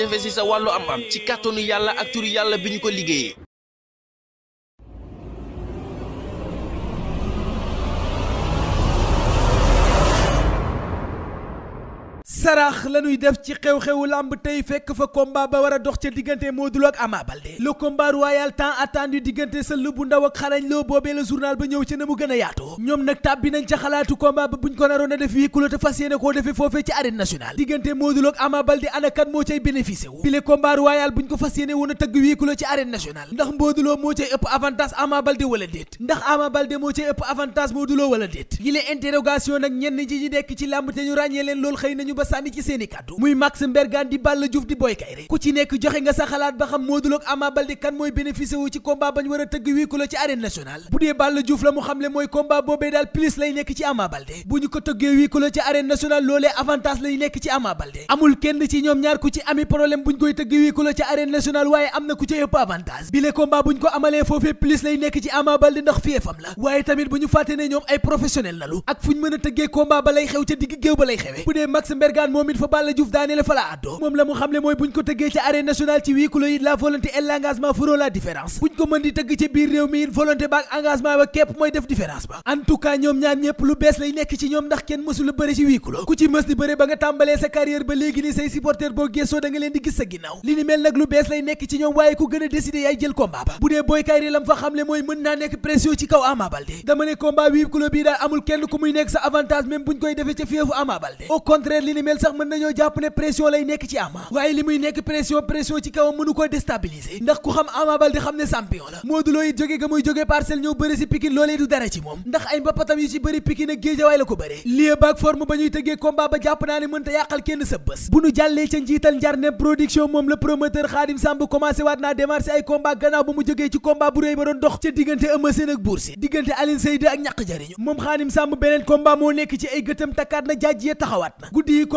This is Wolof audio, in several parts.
jafe-jafe si sa wàllu am am ci kàttanu yàlla ak turu yàlla bi ñu ko liggéeyee sarax la ñuy def ci xew-xewu lamb tey fekk fa combat ba war a dox ca diggante Modou ak Ama Baldé le combat royal tant attendu diggante sëll bu ndaw ak xarañ loo boobee la journal ba ñëw ca na mu gën a ñoom nag tàbbi nañ ca xalaatu combat ba buñ ko naroon a def wii kulo te fas yéene koo defee foofee ci arène nationale diggante Modou ak Ama Baldé moo cay bénéficié wu bile combat royal buñ ko fas yéene woon a tëgg wii kulo ci arène sànni ci seeni kàddu muy Max Mbergane di Balla Diouf di Boy ku ci nekk joxe nga sa xalaat ba xam Modou Lo ak Ama kan mooy bénéficié ci combat bañ a ñu ko tëggee wii ku la ci arène nationale loolee avantage lay nekk ci Ama Baldé amul kenn ci ñoom ñaar ku ci ami problème bu ñu koy tëgg wii ku la ci arène nationale waaye am na ku ci ëpp avantage bile combat bu ñu ko amalee foofee plus lay nekk ci Ama Baldé ndax fiefam la waaye tamit bu ñu a tëggee combat ba lay xew ca digg géew ba lay xewee bu dee Max moom it fa Balla Diouf daanele fa la àddoo moom la mu xamle mooy buñ ko tëggee ci arène nationale ci huis clos la volonté et l'engagement feront la différence buñ ko mën di tëgg ci biir réew mi it ba ak engagement ba képp mooy def différence ba en ñoom ñaar ñëpp lu bees lay nekk ci ñoom ndax kenn mësula bëre ci huis clos ku ci mës di bëre ba nga tàmbalee sa carrière ba léegi ni say supporter boo gëstoo da leen di gis a décider sax mën nañoo jàpp ne pression lay nekk ci ama waaye li muy nekk pression pression ci kawam mënu ko déstabiliser ndax ku xam Ama Baldé xam ne champion la Modou Lo it jóge ga muy jóge parcelle ñëw bëri si Pikine loolee du dara ci moom ndax ay mbapatam yu ci bëri Pikine ak Géejawaay la ko bëree lieu baak forme ba ñuy tëggee combat ba jàpp naa ne mënta yàqal kenn sa bés bu nu jàllee ca njiital njarne production moom la promoteur Khadim Samb commencé naa démarché ay combat gannaaw ba mu jógee ci combat bu réy ba doon dox ca diggante Eumeu Sène ak Bour Sine diggante Aline Seyde ak ñàq jariñu moom Khadim Samb beneen combat moo nekk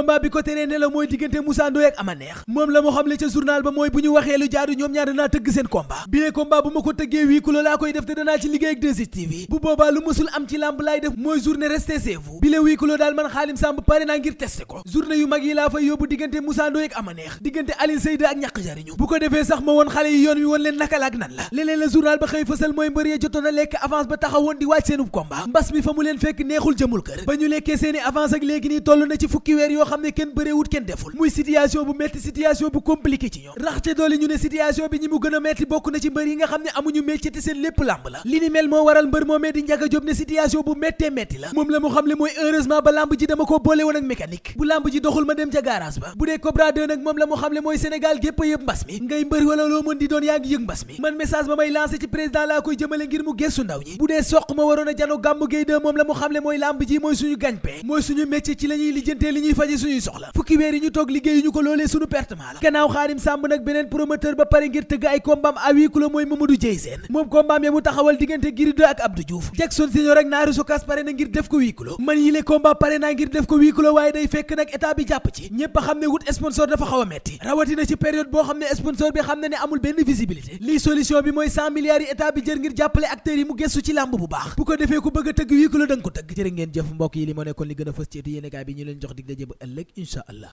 combat bi ko teree ne mooy diggante Moussa Ndoye ak Ama Neex moom la mu xamle ca journal ba mooy bu ñu waxee lu jaadu ñoom ñaar danaa tëgg seen combat bilee combat bu ma ko tëggee wii laa koy def te danaa ci liggéey ak 2STV bu boobaa lu mësul am ci làmb laay def mooy journée restez chez vous bile daal man Xaadim Samb pare naa ngir testé ko journée yu mag yi laa fay yóbbu diggante Moussa Ndoye ak Ama Neex diggante Alioune Seyde ak ñàq jariñu xam ne kenn bëreewut kenn deful muy situation bu metti situation bu compliqué ci ñoom rax ca doole ñu ne situation bi ñi mu gën na ci mbër bu méttee metti la moom la mu xam ne mooy heureusement ba làmb ji dama ko boole woon ak mécanique bu làmb ji doxul ma dem ca garage ba bu dee Cobra nag moom la mu xam mooy Sénégal gépp a yëpp mbas mi ngay mbër wala loo mën di doon yaa ngi yëg mbas mi man message ba may lancé ci président laa koy jëmale ngir mu gestu ndaw ñi bu dee soq ma waroon a jano gàmmu géy de moom la mu xam ne mooy làmb ji mooy suñu gañpee mooy suñu métier ci la ñuy li ñuy faje suñuy soxla fukki weer yi ñu toog liggéey ñu ko loolee suñu pertement la gannaaw Xaadim Sàmb nag beneen promoteur ba pare ngir tëgg ay kombaam à huis clos mooy Mamadou Dieye moom kombaam ya mu taxawal diggante Gris ak Abdou Diouf Jackson Senior ak Naaru Sokas pare na ngir def ko huis clos yi le combat pare naa ngir def ko huis waaye day fekk nag état bi jàpp ci ñépp xam ne wut sponsor dafa xaw metti rawatina ci période boo xam ne sponsor bi xam ne ne a ëllëg incha allah.